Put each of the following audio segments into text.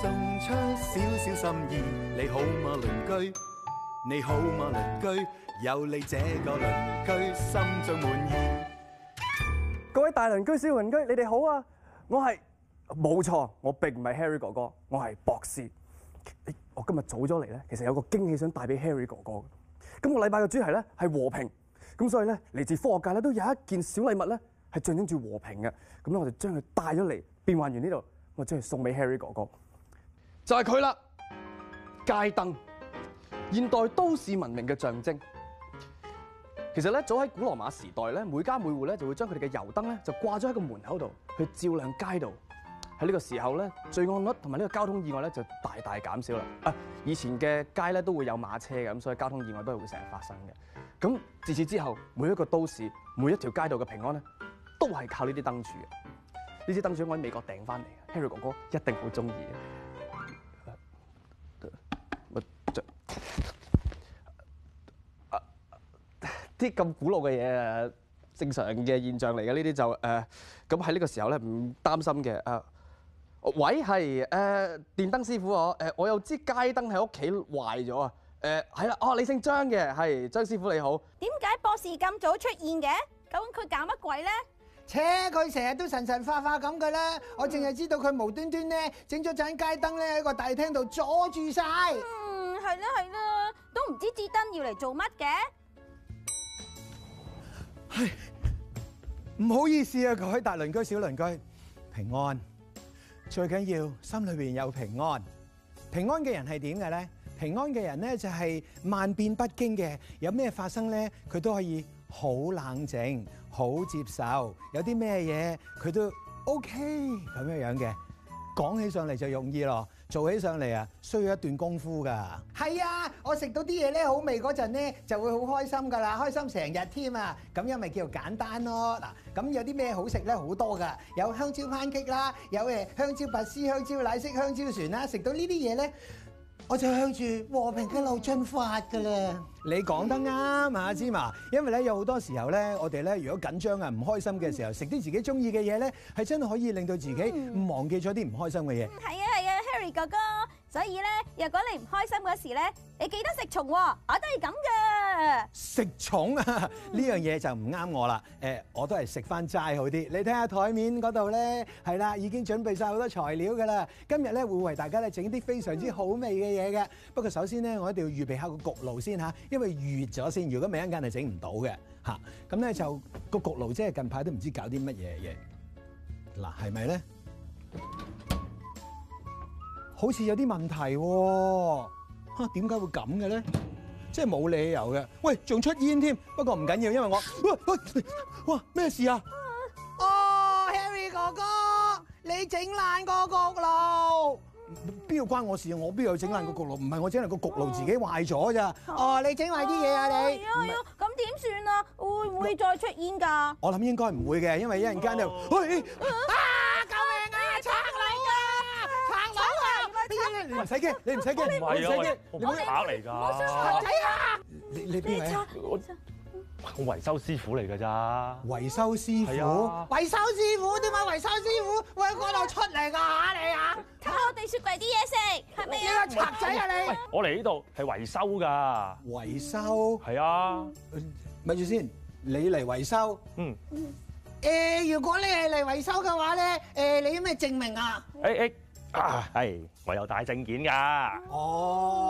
送出少少心意，你好嗎，鄰居？你好嗎，鄰居？有你這個鄰居，心中滿意。各位大鄰居、小鄰居，你哋好啊！我係，冇錯，我並唔係 Harry 哥哥，我係博士。我今日早咗嚟咧，其實有個驚喜想帶俾 Harry 哥哥。今個禮拜嘅主題咧係和平，咁所以咧嚟自科學界咧都有一件小禮物咧係象徵住和平嘅。咁咧，我就將佢帶咗嚟，變幻完呢度，我將佢送俾 Harry 哥哥。就係佢啦！街燈，現代都市文明嘅象徵。其實咧，早喺古羅馬時代咧，每家每戶咧就會將佢哋嘅油燈咧就掛咗喺個門口度，去照亮街度。喺呢個時候咧，罪案率同埋呢個交通意外咧就大大減少啦。啊，以前嘅街咧都會有馬車嘅，咁所以交通意外都係會成日發生嘅。咁自此之後，每一個都市每一條街道嘅平安咧都係靠呢啲燈柱嘅。呢啲燈柱我喺美國訂翻嚟嘅，Harry 哥哥一定好中意嘅。啲咁古老嘅嘢，正常嘅現象嚟嘅呢啲就，誒，咁喺呢個時候咧唔擔心嘅啊。喂，係誒電燈師傅，我誒，我有支街燈喺屋企壞咗啊誒，係啦，哦你姓張嘅，係張師傅你好。點解博士咁早出現嘅？究竟佢搞乜鬼咧？扯！佢成日都神神化化咁嘅啦，我淨係知道佢無端端咧整咗盞街燈咧喺個大廳度阻住曬。嗯，係啦係啦，都唔知支燈要嚟做乜嘅。係唔好意思啊，各位大鄰居小鄰居，平安最緊要心裏邊有平安。平安嘅人係點嘅咧？平安嘅人咧就係、是、萬變不驚嘅，有咩發生咧，佢都可以好冷靜，好接受，有啲咩嘢佢都 OK 咁樣樣嘅，講起上嚟就容易咯。做起上嚟啊，需要一段功夫㗎。係啊，我食到啲嘢咧好味嗰陣咧，就會好開心㗎啦，開心成日添啊。咁樣咪叫做簡單咯。嗱，咁有啲咩好食咧？好多㗎，有香蕉番茄啦，有誒香蕉、拔絲香蕉、奶昔香蕉船啦。食到呢啲嘢咧，我就向住和平嘅路進發㗎啦。你講得啱啊，芝麻。因為咧有好多時候咧，我哋咧如果緊張啊、唔開心嘅時候，食啲自己中意嘅嘢咧，係真係可以令到自己忘記咗啲唔開心嘅嘢。係啊，係啊。哥哥，所以咧，如果你唔開心嗰時咧，你記得食蟲，我都係咁噶。食蟲啊，呢樣嘢就唔啱我啦。誒，我都係食翻齋好啲。你睇下，台面嗰度咧，係啦，已經準備晒好多材料噶啦。今日咧會為大家咧整啲非常之好味嘅嘢嘅。不過首先咧，我一定要預備下個焗爐先吓、啊，因為預咗先。如果未一陣係整唔到嘅吓。咁、啊、咧就個焗爐即係近排都唔知搞啲乜嘢嘢。嗱、啊，係咪咧？好似有啲問題喎、哦，嚇，點解會咁嘅咧？即係冇理由嘅。喂，仲出煙添？不過唔緊要，因為我喂，喂，哇咩、哎、事啊？哦，Harry 哥哥，你整爛個焗爐？邊度關我事啊？我邊度整爛個焗爐？唔係我整爛個焗爐，自己壞咗咋？啊、哦，你整壞啲嘢啊？你係啊？咁點算啊？會唔會再出煙㗎？我諗應該唔會嘅，因為一陣間咧，喂、啊啊唔使驚，你唔使驚，唔使驚，你有賊嚟噶。你你邊位？我我維修師傅嚟噶咋？維修師傅？維修師傅？點解維修師傅會喺我度出嚟噶？吓你啊！睇下我地雪櫃啲嘢食，係咪啊？你個賊仔啊！你我嚟呢度係維修噶。維修？係啊。咪住先，你嚟維修？嗯。誒，如果你係嚟維修嘅話咧，誒，你有咩證明啊？誒誒。Okay. 啊，係，我有帶證件㗎哦。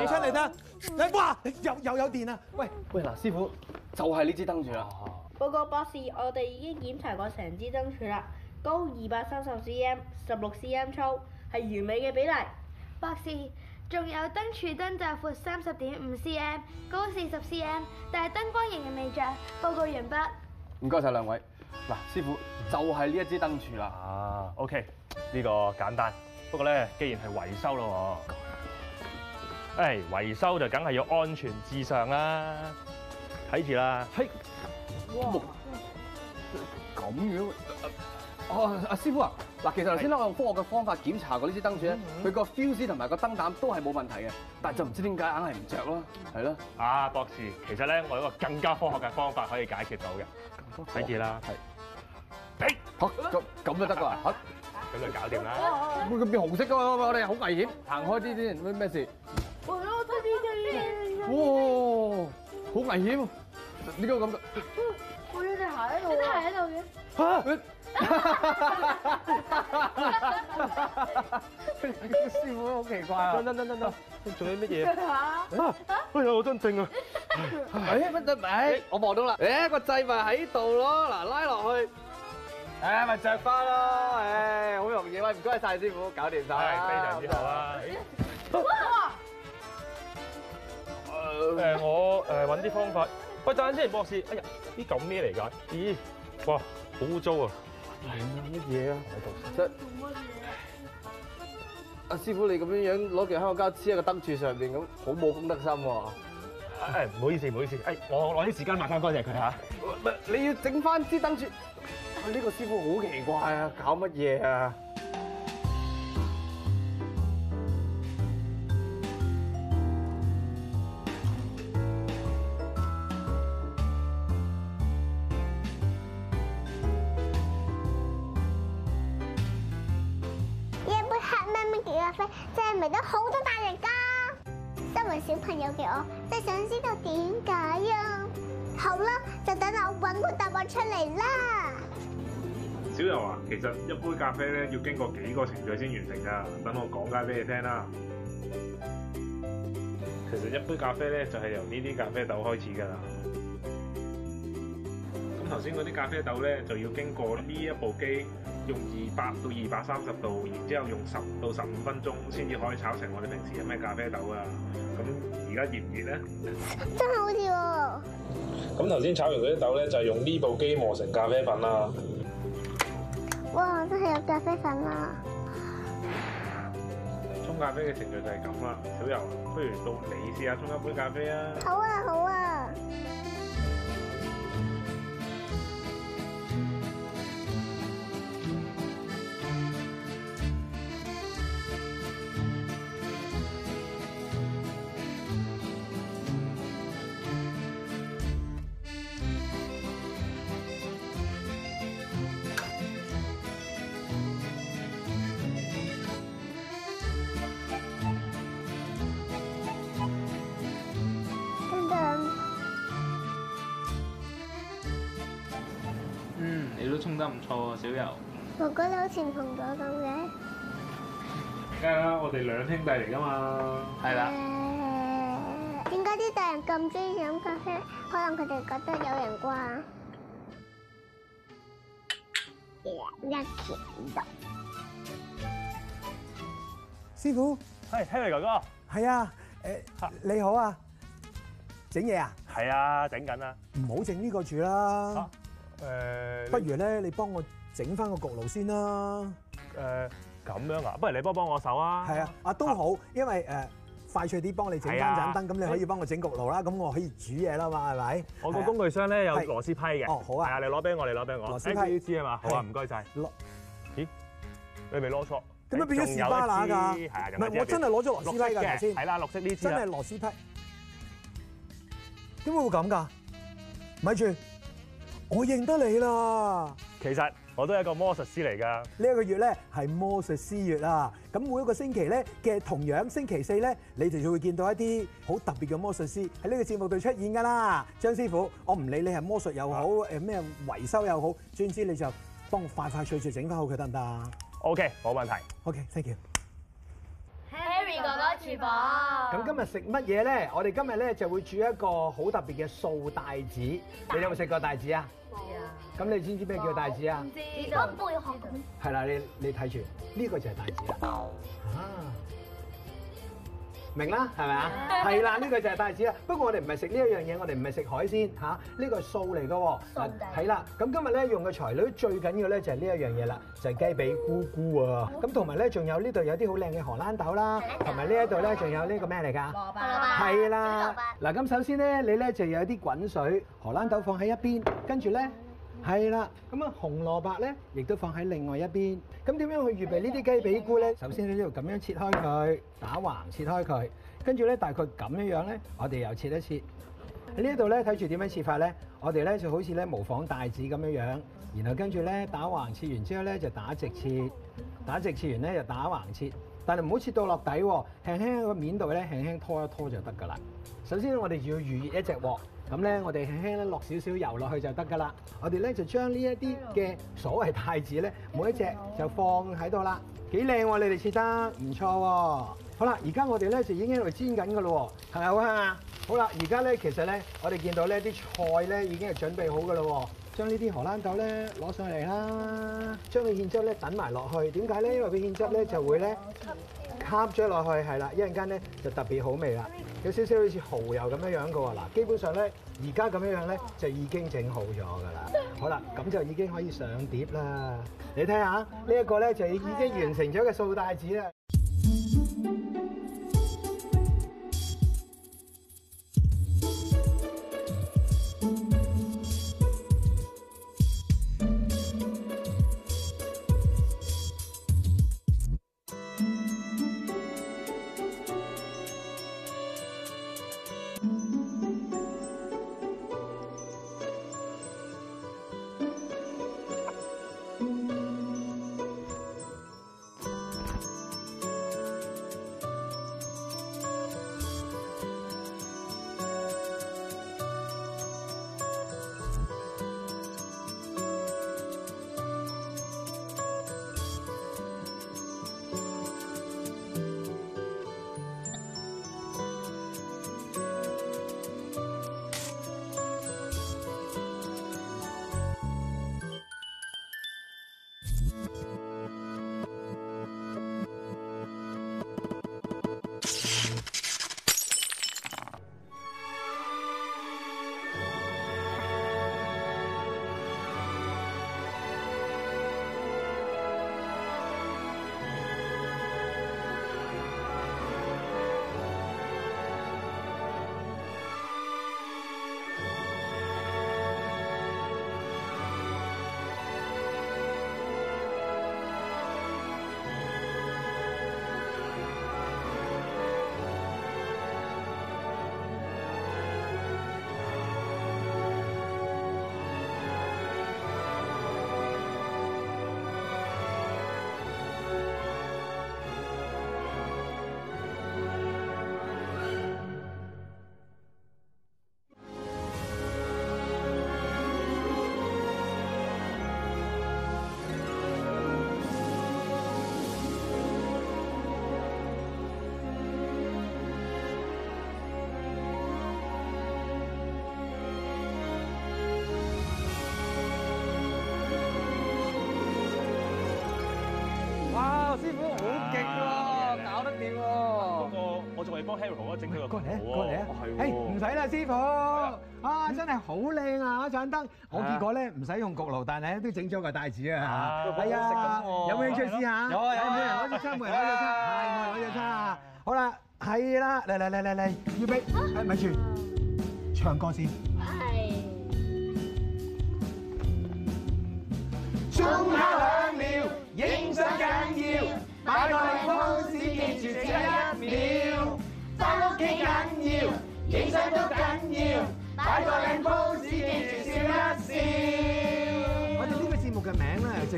你出嚟啦！哇，又又有，有電啦！喂喂，嗱，師傅，就係呢支燈柱啦。報告博士，我哋已經檢查過成支燈柱啦，高二百三十 cm，十六 cm 粗，係完美嘅比例。博士，仲有燈柱燈罩闊三十點五 cm，高四十 cm，但係燈光仍然未着。報告完畢。唔該晒兩位。嗱，師傅，就係呢一支燈柱啦。啊，OK，呢個簡單。不過咧，既然係維修咯。誒維修就梗係要安全至上啦，睇住啦。嘿，哇，咁樣啊？哦，阿師傅啊，嗱，其實頭先咧我用科學嘅方法檢查過呢支燈柱咧，佢個 fuse 同埋個燈膽都係冇問題嘅，但係就唔知點解硬係唔著咯。係咯。啊，博士，其實咧我有個更加科學嘅方法可以解決到嘅，睇住啦，係。誒，好，咁咁就得噶啦，吓，咁就搞掂啦。會變紅色噶嘛，我哋好危險，行開啲先，咩事？哇，好危險啊！呢個感覺，我呢隻鞋喺度嘅，嚇！哈哈哈！師傅好奇怪啊！等等等等，做緊乜嘢？嚇！哎呀，好真正啊！哎，乜都唔係，我望到啦。誒，個掣咪喺度咯。嗱，拉落去，誒，咪著花咯。誒，好容易喂！唔該曬師傅，搞掂曬。係非常之好啦。誒， 我誒揾啲方法。喂，等陣先，博士。哎呀，呢嚿咩嚟噶？咦、哎，哇，好污糟啊！係啊，乜嘢啊？阿 師傅，你咁樣樣攞件香口膠黐喺個燈柱上邊，咁好冇公德心喎、啊。誒、 哎，唔好意思，唔好意思。誒、哎，我攞啲時間慢翻乾淨佢吓。你要整翻支燈柱。呢、 啊這個師傅好奇怪啊，搞乜嘢啊？等我答我出嚟啦！小由啊，其實一杯咖啡咧，要經過幾個程序先完成噶，等我講解俾你聽啦。其實一杯咖啡咧就係、是、由呢啲咖啡豆開始噶啦。咁頭先嗰啲咖啡豆咧就要經過呢一部機，用二百到二百三十度，然之後用十到十五分鐘先至可以炒成我哋平時飲嘅咖啡豆啊。咁而家熱唔熱咧？真係好熱喎。咁頭先炒完嗰啲豆咧，就係用呢部機磨成咖啡粉啦。哇！真係有咖啡粉啦！ 沖咖啡嘅程序就係咁啦，小由，不如到你試下沖一杯咖啡啊！好啊，好啊。得唔錯喎，小柔。我覺得好似同咗咁嘅。梗係啦，我哋兩兄弟嚟噶嘛，係啦。點解啲大人咁中意飲咖啡？可能佢哋覺得有人啩。一拳到。師傅，係，Hello 哥哥，係啊，誒，你好啊，整嘢啊？係啊，整緊啊。唔好整呢個柱啦。不如咧，你幫我整翻個焗爐先啦。誒，咁樣啊？不如你幫幫我手啊？係啊，啊都好，因為誒快脆啲幫你整翻盞燈，咁你可以幫我整焗爐啦，咁我可以煮嘢啦嘛，係咪？我個工具箱咧有螺絲批嘅。哦，好啊，係啊，你攞俾我，你攞俾我。螺絲批呢支啊嘛？好啊，唔該晒。咦？你咪攞錯？點解變咗士巴拿㗎？唔係我真係攞咗螺絲批㗎，頭先。係啦，綠色呢支真係螺絲批。點解會咁㗎？咪住。我認得你啦！其實我都係一個魔術師嚟噶。呢一個月咧係魔術師月啊！咁每一個星期咧嘅同樣星期四咧，你哋就會見到一啲好特別嘅魔術師喺呢個節目度出現噶啦。張師傅，我唔理你係魔術又好，誒咩維修又好，總之、啊、你就幫我快快脆脆整翻好佢得唔得啊？OK，冇問題。OK，thank you。哥哥，廚房。咁今日食乜嘢咧？我哋今日咧就會煮一個好特別嘅素帶子。帶子，你有冇食過帶子啊？係啊。咁你知唔知咩叫帶子啊？唔知。如果貝殼咁。係啦，你你睇住，呢個就係帶子啦。啊。明啦，係咪啊？係啦， 呢、呢個就係帶子啦。不過我哋唔係食呢一樣嘢，我哋唔係食海鮮嚇，呢、啊、個係素嚟嘅喎。係啦。咁今日咧用嘅材料最緊要咧就係呢一樣嘢啦，就係、係、雞髀菇菇啊。咁同埋咧仲有呢度有啲好靚嘅荷蘭豆啦，同埋呢一度咧仲有呢個咩嚟㗎？蘿蔔啊。係啦。嗱了，咁蔔首先咧，你咧就有啲滾水，荷蘭豆放喺一邊，跟住咧。係啦，咁啊、嗯、紅蘿蔔咧，亦都放喺另外一邊。咁點樣去預備呢啲雞髀菇咧？首先呢度咁樣切開佢，打橫切開佢，跟住咧大概咁樣樣咧，我哋又切一切。喺呢一度咧睇住點樣切法咧，我哋咧就好似咧模仿帶子咁樣樣，然後跟住咧打橫切完之後咧就打直切，打直切完咧就打橫切，但係唔好切到落底，輕輕喺個面度咧輕輕拖一拖就得㗎啦。首先我哋要預熱一隻鑊。咁咧，我哋輕輕咧落少少油落去就得㗎啦。我哋咧就將呢一啲嘅所謂太子咧，每一隻就放喺度啦。幾靚喎，你哋切得唔錯喎。錯好啦，而家我哋咧就已經喺度煎緊㗎咯喎。係唔係好香啊？好啦，而家咧其實咧，我哋見到呢啲菜咧已經係準備好㗎咯喎。將呢啲荷蘭豆咧攞上嚟啦，將個芡汁咧等埋落去。點解咧？因為佢芡汁咧就會咧吸咗落去，係啦，一陣間咧就特別好味啦。有少少好似蠔油咁樣樣噶喎，嗱，基本上咧，而家咁樣樣咧就已經整好咗噶啦，好啦，咁就已經可以上碟啦。你睇下呢一個咧，就已經完成咗嘅素帶子啦。我嚟幫 Harry 攞一整佢個光嚟啊！過嚟啊！係喎，誒唔使啦，師傅。啊，真係好靚啊！一盞燈，我結果咧唔使用焗爐，但係都整咗個帶子啊！係啊，有冇興趣試下？有冇人攞隻叉？冇人攞隻叉啊！係，我係攞隻叉啊！好啦，係啦，嚟嚟嚟嚟嚟，要俾係咪住唱歌先？係。中央。